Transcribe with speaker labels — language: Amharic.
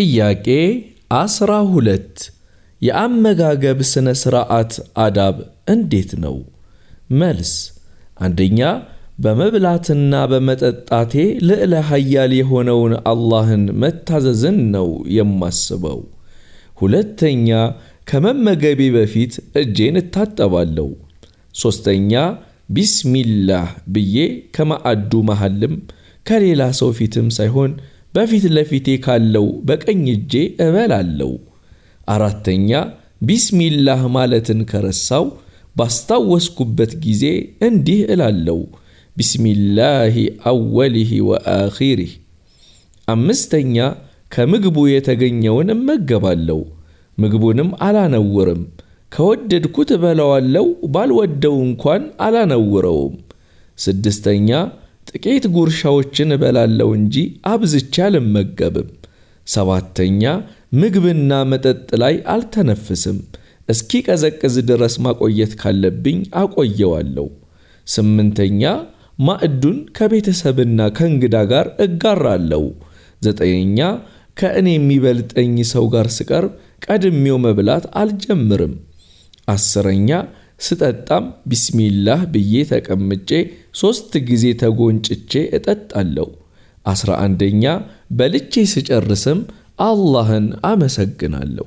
Speaker 1: ጥያቄ 12 የአመጋገብ ስነ ስርዓት አዳብ እንዴት ነው? መልስ አንደኛ በመብላትና በመጠጣቴ ልዕለ ኃያል የሆነውን አላህን መታዘዝን ነው የማስበው። ሁለተኛ ከመመገቤ በፊት እጄን እታጠባለሁ። ሶስተኛ ቢስሚላህ ብዬ ከማዕዱ መሃልም ከሌላ ሰው ፊትም ሳይሆን በፊት ለፊቴ ካለው በቀኝ እጄ እበላለሁ። አራተኛ ቢስሚላህ ማለትን ከረሳው ባስታወስኩበት ጊዜ እንዲህ እላለሁ፣ ቢስሚላሂ አወሊሂ ወአኺሪህ። አምስተኛ ከምግቡ የተገኘውን እመገባለሁ። ምግቡንም አላነውርም። ከወደድኩት እበላዋለሁ፣ ባልወደው እንኳን አላነውረውም። ስድስተኛ ጥቂት ጉርሻዎችን እበላለሁ እንጂ አብዝቼ አልመገብም። ሰባተኛ ምግብና መጠጥ ላይ አልተነፍስም። እስኪ ቀዘቅዝ ድረስ ማቆየት ካለብኝ አቆየዋለሁ። ስምንተኛ ማዕዱን ከቤተሰብና ከእንግዳ ጋር እጋራለሁ። ዘጠነኛ ከእኔ የሚበልጠኝ ሰው ጋር ስቀርብ ቀድሜው መብላት አልጀምርም። አስረኛ ስጠጣም ቢስሚላህ ብዬ ተቀምጬ ሦስት ጊዜ ተጎንጭቼ እጠጣለሁ። አስራ አንደኛ በልቼ ስጨርስም አላህን አመሰግናለሁ።